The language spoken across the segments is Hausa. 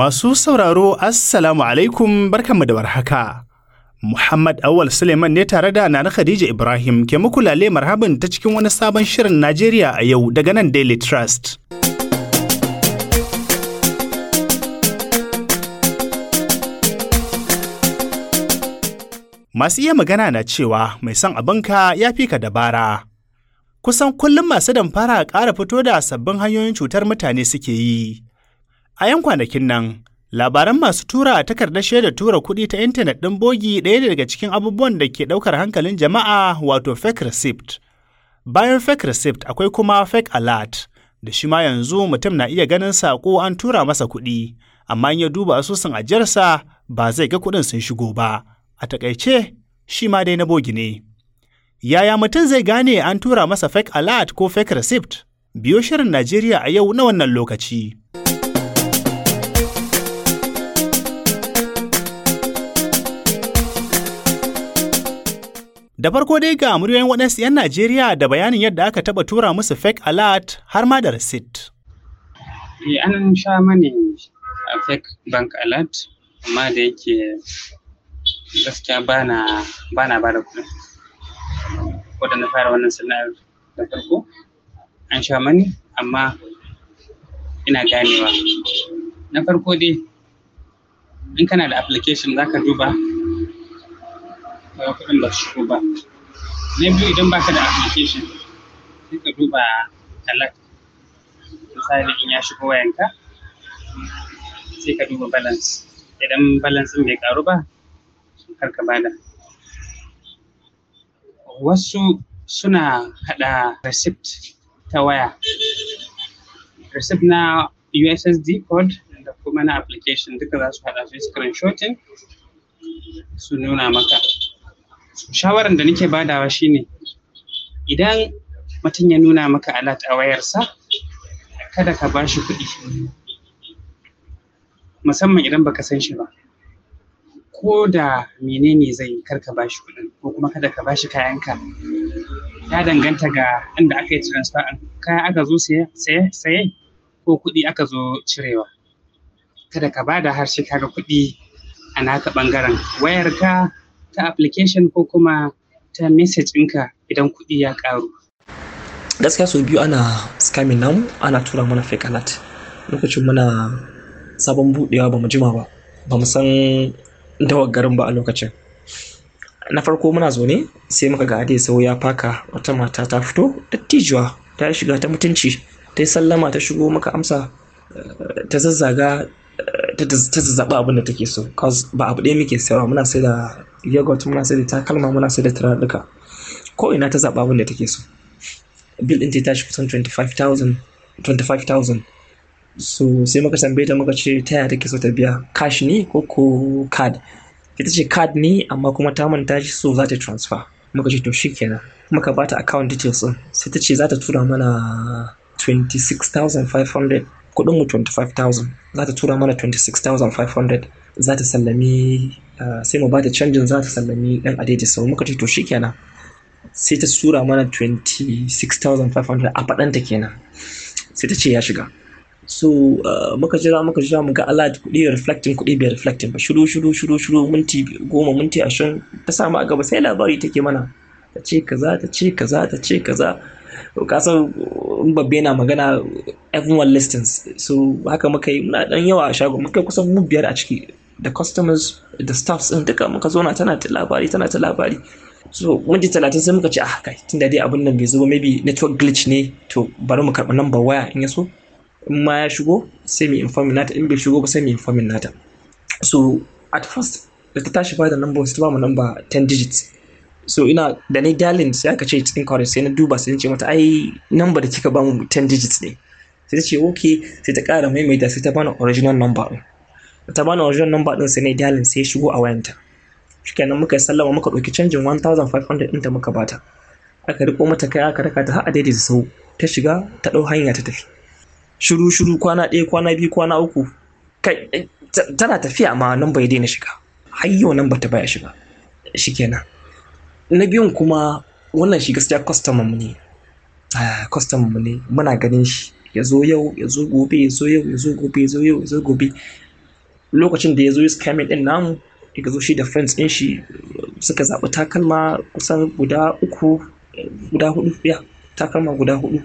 Masu sauraro Assalamu alaikum barkanmu da warhaka. Muhammad Awal Suleiman ne tare da Nana Khadija Ibrahim ke muku lale marhaban ta cikin wani sabon shirin Najeriya a yau daga nan Daily Trust. Masu iya magana na cewa mai son abinka ya fi ka dabara. Kusan kullum masu damfara ƙara fito da sabbin hanyoyin cutar mutane suke yi. A 'yan kwanakin nan, labaran masu tura a takardar shaidar tura kuɗi ta intanet ɗin bogi ɗaya daga cikin abubuwan da ke ɗaukar hankalin jama'a wato fake receipt. Bayan fake receipt akwai kuma fake alert, da shi ma yanzu mutum na iya ganin saƙo an tura masa kuɗi, amma in ya duba asusun ajiyarsa ba zai ga kuɗin sun shigo ba. A taƙaice, shi ma dai na bogi ne. Yaya mutum zai gane an tura masa fake alert ko fake receipt? Biyo shirin Najeriya a yau na wannan lokaci. Da farko dai ga muryoyin waɗansu 'yan Najeriya da bayanin yadda aka taɓa tura musu fake alert har ma da receipt. Eh, an sha mani a fake bank alert, amma da yake gaskiya bana bana ba da kuɗi. Wadda na fara wannan sana'ar da farko, an sha mani amma ina ganewa. Na farko dai, in kana da application za ka duba akwai waɗanda ba su shigo ba na biyu idan baka da application sai ka duba alert misali in ya shigo wayanka sai ka duba balance idan balance bai karu ba kar ka bada wasu suna haɗa receipt ta waya receipt na ussd code da kuma na application duka za su hada su screenshotting su nuna maka shawaran da nake badawa shine idan mutum ya nuna maka alat a wayarsa kada ka ba shi kuɗi musamman idan baka san shi ba ko da menene zai kar ka ba shi kuɗin ko kuma kada ka ba shi kayanka ya danganta ga inda aka yi transfer kaya aka zo saye ko kuɗi aka zo cirewa kada ka ba da harshe kaga kuɗi a naka ɓangaren wayarka ta application ko kuma ta message ɗinka idan kuɗi ya ƙaru. gaskiya sau biyu ana scamming namu ana tura mana fake alert lokacin muna sabon buɗewa ba mu jima ba ba mu san dawar garin ba a lokacin na farko muna zaune sai muka ga adai sau ya faka wata mata ta fito dattijuwa ta shiga ta mutunci ta yi sallama ta shigo maka amsa eh, ta zazzaga eh, ta zazzaba abin da take so ba abu ɗaya muke sayarwa muna sai da yogurt muna sai da takalma muna sai da turaruka ko ina ta zaɓa abin da take so bill ɗin ta tashi kusan 25,000 25,000 so sai muka tambaye ta muka ce ta yaya take so ta biya cash ne ko ko card ita ce card ne amma kuma ta manta shi so za ta transfer muka ce to shikenan muka bata account details din sai ta ce za ta tura mana 26,500 kudin mu 25,000 za ta tura mana 26,500 za ta sallami sai mu bata canjin za ta sallami ɗan adeji sau muka ce to shi kenan sai ta sura mana 26,500 a faɗanta kenan sai ta ce ya shiga so muka jira muka jira muka Allah kuɗi reflecting kuɗi bai reflecting ba shiru shiru shiru shiru minti goma minti ashirin ta samu a gaba sai labari take mana ta ce kaza ta ce kaza ta ce kaza kasan babbe yana magana everyone listens so haka muka yi muna dan yawa a shago muka kusan mu biyar a ciki da customers da staffs ɗin duka muka na tana ta labari tana ta labari so wanda talatin sai muka ce ah kai tunda dai abin nan bai zo maybe network glitch ne to bari mu karɓi number waya in ya so in ma ya shigo sai mu informin nata in bai shigo ba sai mu informin nata so at first da ta tashi da number sai ta ba mu number 10 digits so ina da ni dalin sai aka ce it's incorrect sai na duba sai na ce mata ai number da kika ba mu 10 digits ne sai ta ce okay sai ta ƙara maimaita sai ta bani original number ta bani wajen number din sai na dialing sai shigo a wayanta shikenan muka yi sallama muka ɗauki canjin 1500 ta muka bata aka riko mata kai aka raka ta har a daidaita sau ta shiga ta ɗau hanya ta tafi shiru shiru kwana ɗaya kwana biyu kwana uku kai tana tafiya amma nan bai daina shiga har yau nan bata baya shiga shikenan na biyun kuma wannan shi gaskiya customer mu ne ah, customer mu ne muna ganin shi ya zo yau ya zo gobe ya zo yau ya zo gobe ya zo yau ya zo gobe lokacin da ya zo scamming din namu ya zo shi da friends din shi suka zaɓi takalma kusan guda uku guda hudu ya takalma guda hudu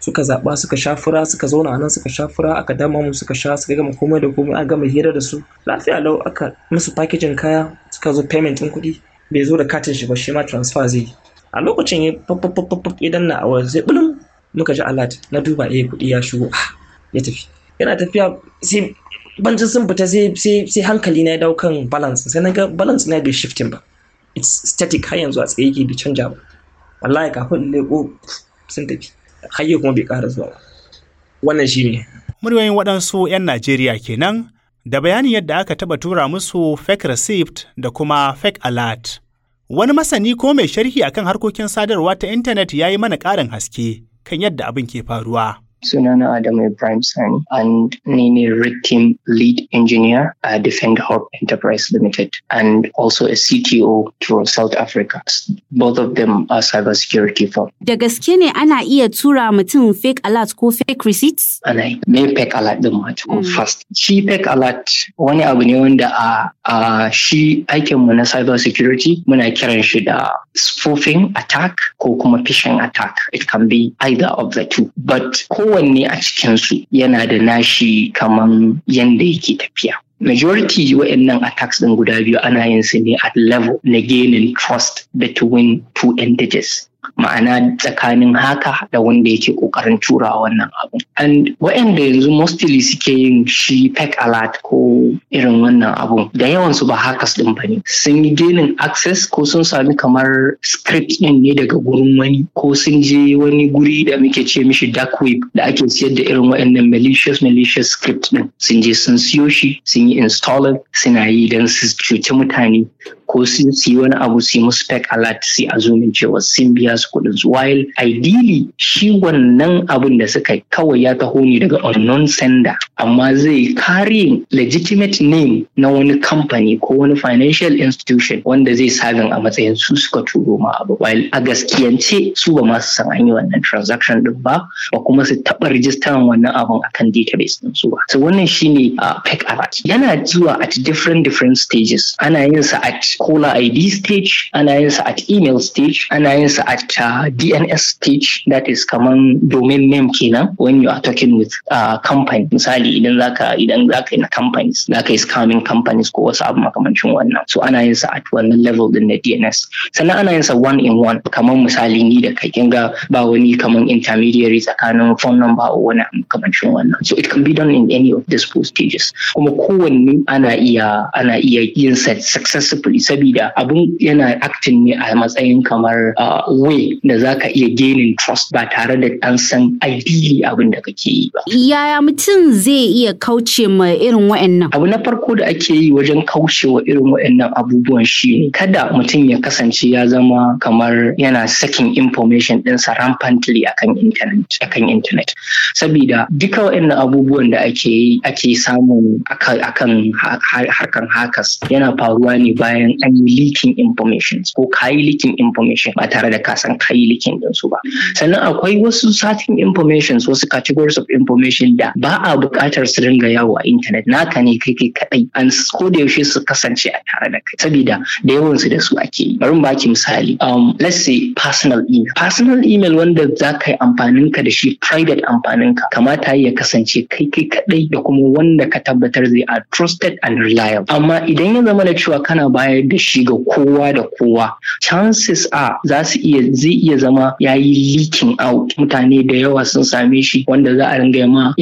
suka zaɓa suka sha suka zauna nan suka sha fura aka dama mu suka sha suka gama komai da komai aka gama hira da su lafiya lau aka musu packaging kaya suka zo payment din kuɗi bai zo da katin shi ba shi ma transfer zai yi a lokacin ya fafafafafa idan na awar zai bulum muka ji alert na duba eh kuɗi ya shigo ah, ya tafi yana tafiya sai ji sun fita sai hankali na ya dau kan balance sai na ga balance na bai shiftin ba it's static har yanzu a tsaye yake bai canja ba wallahi kafin leko sun tafi hayye kuma bai ƙara zuwa wannan shi ne. muryoyin waɗansu 'yan Najeriya kenan da bayanin yadda aka taɓa tura musu fake receipt da kuma fake alert. Wani masani ko mai sharhi akan harkokin sadarwa ta intanet ya yi mana ƙarin haske kan yadda abin ke faruwa. Sunana Adam Ibrahim and Nini Rikim, lead engineer at Defend Hope Enterprise Limited, and also a CTO to South Africa. Both of them are cybersecurity firm. Da gaske ne ana iya tura mutum fake alert ko fake receipts? Ana me fake alert din ma ko mm. fast. Shi fake alert wani abu ne wanda a a shi aikin mu na cybersecurity muna kiran shi da spoofing attack ko kuma phishing attack. It can be either of the two. But ko kowanne a cikinsu yana da nashi kamar yadda yake tafiya majority waɗannan attacks ɗin guda biyu ana yin su ne at level na gaining trust between two entities ma'ana tsakanin haka da wanda yake kokarin tura wannan abu and waɗanda yanzu mostly suke yin shi fake alert ko irin wannan abu da yawan su ba ɗin ba ne. sun yi genin access ko sun sami kamar script ɗin ne daga gurin wani ko sun je wani guri da muke ce mishi dark web da ake siyar da irin waɗannan malicious malicious script ɗin sun je sun siyo shi sun yi installing suna yi don su cuci mutane ko sun siyi wani abu su musu tech alert sai a zo min cewa sun biya su kuɗin su while ideally shi wannan abin da suka yi kawai ya taho ni daga unknown sender amma zai kare legitimate name na wani company ko wani financial institution wanda zai sagan a matsayin su suka turo ma abu while a gaskiyance su ba masu san an yi wannan transaction din ba ba kuma su taɓa rijistan wannan abun akan database din su ba so wannan shine a uh, alert yana zuwa at different different stages ana yin sa at caller ID stage, ana at email stage, ana at uh, DNS stage that is common domain name Kina when you are talking with uh, company misali idan zaka idan zaka na companies zaka yi scamming companies ko wasu abu makamancin wannan so ana at one level din na DNS sannan ana yin one in one kaman misali ni da kai kinga ba wani kaman intermediary tsakanin phone number or wani makamancin wannan so it can be done in any of these four stages kuma kowanne ana iya ana iya yin sa successfully sabida abun yana acting ne a matsayin kamar way da za ka iya gaining trust ba tare da an san ideally abin da kake yi ba. Yaya mutum zai iya kauce ma irin wa'annan? Abu na farko da ake yi wajen kauce wa irin wa'annan abubuwan shi ne, kada mutum ya kasance ya zama kamar yana sakin information ɗinsa rampantly akan internet. Akan internet. Sabida duka wa'annan abubuwan da ake yi ake samu akan harkan hakas yana faruwa ne bayan an yi leaking information ko kayi leaking information ba tare da ka san kayi leaking din su ba sannan akwai wasu certain information wasu categories of information da ba a buƙatar su dinga yawo a internet naka ne kai kai kadai an ko da yaushe su kasance a tare da kai saboda da yawan su da su ake yi bari baki misali um, let's say personal email personal email wanda za ka yi amfanin ka da shi private amfanin ka kamata ya kasance kai kai kadai da kuma wanda ka tabbatar zai a trusted and reliable amma idan ya zama da cewa kana bayar da shi ga kowa da kowa chances a za su iya zai iya zama ya yi leaking out mutane da yawa sun same shi wanda za a ringa ma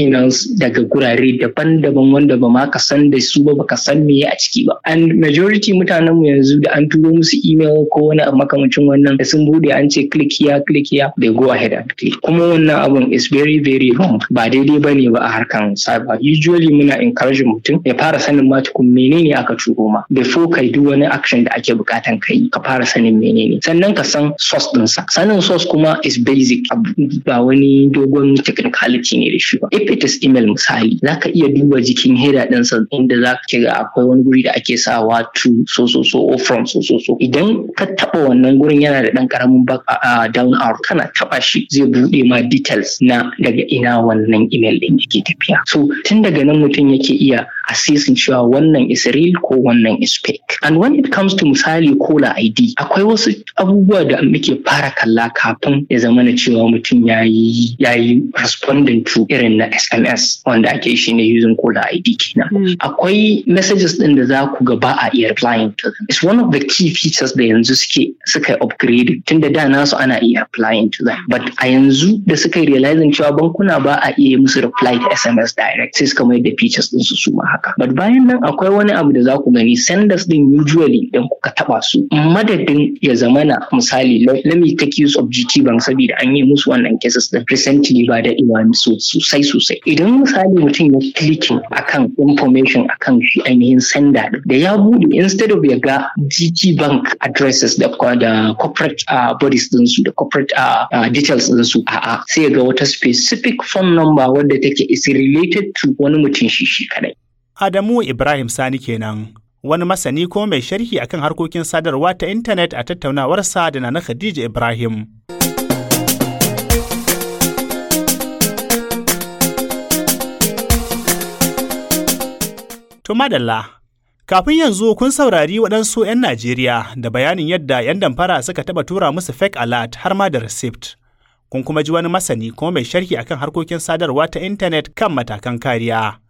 daga gurare daban-daban wanda ba ma ka san da su ba baka san me a ciki ba and majority mutanen mu yanzu da an turo musu email ko wani abu makamancin wannan da sun bude an ce click here click here they go ahead and click kuma wannan abun is very very wrong ba daidai ba ne ba a harkan cyber usually muna encourage mutum ya fara sanin ma tukun menene aka turo ma before kai duk wani action da ake bukatan ka yi ka fara sanin menene sannan ka san source sa sanin source kuma is basic ba wani dogon technicality ne da shi ba if it is email misali zaka iya duba jikin header ɗinsa inda za ka ga akwai wani guri da ake sawa to so so so or from so so so idan ka taɓa wannan gurin yana da ɗan ƙaramin down hour kana taɓa shi zai buɗe ma details na daga ina wannan email ɗin yake tafiya so tun daga nan mutum yake iya assessing cewa wannan is real ko wannan is fake and when it comes to misali caller ID akwai wasu abubuwa da muke fara kalla kafin ya zama na cewa mutum ya yi ya yi responding to irin na SMS wanda ake shi ne using caller ID kenan hmm. akwai messages din da za ku ga ba a iya replying to them it's one of the key features da yanzu suke suka upgrade tun da da nasu ana iya replying to them but a yanzu da suka realizing cewa bankuna ba a iya musu reply to SMS direct sai suka mai da features din su su haka but bayan nan akwai wani abu da za ku gani senders din usually idan kuka taba su madadin ya zamana misali let me take use of GT bank saboda an yi musu wannan cases da recently ba da iwani sosai sosai idan misali mutum ya clicking akan information akan shi ainihin sender din da ya bude instead of ya ga GT bank addresses da da corporate uh, bodies din su da corporate uh, uh, details din su a'a sai ya ga wata specific phone number wanda take is related to wani mutum shi shi kadai Adamu Ibrahim Sani kenan, wani masani ko mai sharhi akan harkokin sadarwa ta intanet a tattaunawarsa da na Khadija Ibrahim. To madalla, kafin yanzu kun saurari waɗansu 'yan Najeriya da bayanin yadda 'yan damfara suka taɓa tura musu fake alert har ma da receipt. Kun kuma ji wani masani ko mai sharhi akan harkokin sadarwa ta intanet kan matakan kariya.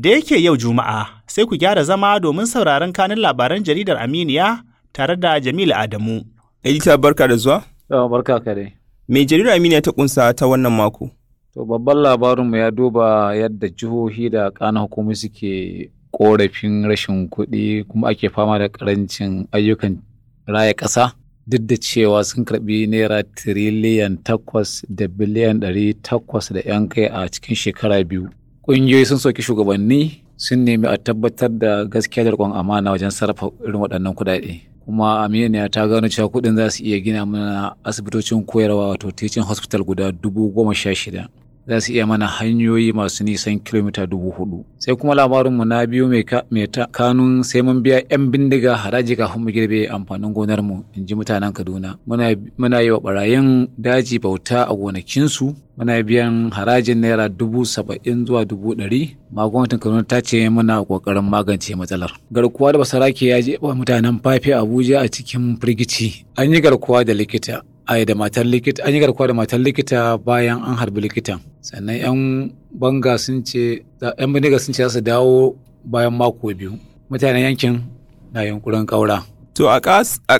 Da yake yau Juma'a, sai ku gyara zama domin sauraron kanin labaran jaridar Aminiya tare da Jamilu Adamu. Edita barka da zuwa? Yawa barka kare. Me jaridar Aminiya ta kunsa ta wannan mako? To babban labarinmu ya duba yadda jihohi da ƙana hukumomi suke korafin rashin kuɗi kuma ake fama da ƙarancin ayyukan raya ƙasa duk da cewa sun karɓi naira tiriliyan takwas da biliyan ɗari takwas da ‘yan kai a cikin shekara biyu. ƙungiyoyi sun soki shugabanni sun nemi a tabbatar da gaskiya da riƙon amana wajen sarrafa irin waɗannan kuɗaɗe kuma aminiya ta gano cewa kuɗin za su iya gina mana asibitocin koyarwa wato teaching hospital guda dubu goma sha shida za su iya mana hanyoyi masu nisan kilomita dubu hudu sai kuma labarinmu na biyu mai ta kanun sai mun biya 'yan bindiga haraji kafin mu girbe amfanin gonarmu in ji mutanen kaduna muna yi wa barayin daji bauta a gonakinsu muna biyan harajin naira dubu saba'in zuwa dubu ɗari ma kaduna ta ce muna ƙoƙarin magance matsalar garkuwa da basarake ya jefa mutanen fafe abuja a cikin firgici an yi garkuwa da likita ai da matar likita an yi garkuwa da matar likita bayan an harbi likitan sannan yan banga sun ce yan bindiga sun ce za su dawo bayan mako biyu mutanen yankin na yunkurin kaura to a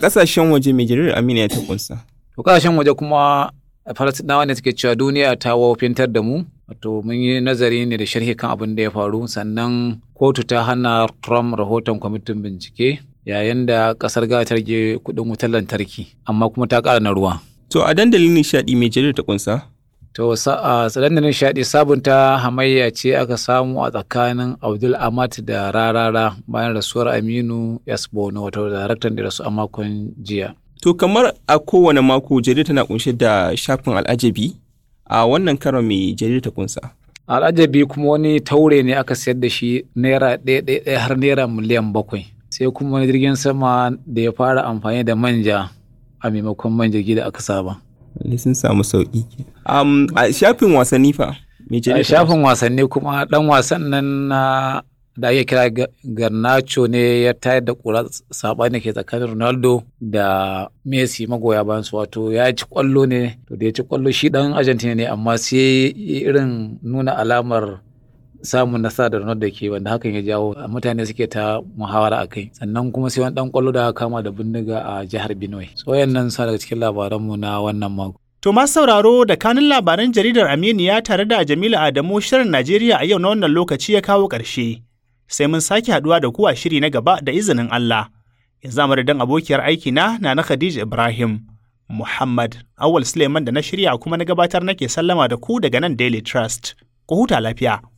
kasashen waje mai jirir amina ya takunsa to kasashen waje kuma falasɗinawa ne suke cewa duniya ta wofintar da mu wato mun yi nazari ne da sharhi kan abin da ya faru sannan kotu ta hana trump rahoton kwamitin bincike yayin da kasar Ghana ta rage kuɗin wutar lantarki amma kuma ta ƙara na ruwa. To a dandalin nishaɗi mai jere ta kunsa? To a dandalin nishaɗi sabunta hamayya ce aka samu a tsakanin Abdul Amat da Rarara bayan rasuwar Aminu Yasbono wato daraktan da rasu a makon jiya. To kamar a kowane mako jaridar tana kunshe da shafin al'ajabi a wannan karon mai jere ta kunsa. Al'ajabi kuma wani taure ne aka sayar da shi naira ɗaya ɗaya har naira miliyan bakwai. sai kuma wani jirgin sama da ya fara amfani da manja a maimakon man jirgi da aka saba. sun samu sauƙi. a shafin wasanni fa? A shafin wasanni kuma ɗan wasan nan na da ake kira Garnacho ne ya tayar da ƙura saɓani ke tsakanin Ronaldo da Messi magoya bayan su wato ya ci ƙwallo ne to da ya ci ƙwallo shi ɗan Argentina ne amma sai irin nuna alamar samun nasara da da ke wanda hakan ya jawo mutane suke ta muhawara a kai sannan kuma sai wani dan kwallo da kama da bindiga a jihar Benue so wayannan sa daga cikin labaranmu na wannan mako To ma sauraro da kanin labaran jaridar Aminiya tare da Jamilu Adamu shirin Najeriya a yau na wannan lokaci ya kawo ƙarshe. Sai mun sake haɗuwa da ku a shiri na gaba da izinin Allah. Yanzu dan abokiyar aiki na na Khadija Ibrahim. Muhammad Awal Suleiman da na shirya kuma na gabatar nake sallama da ku daga nan Daily Trust. Ku huta lafiya.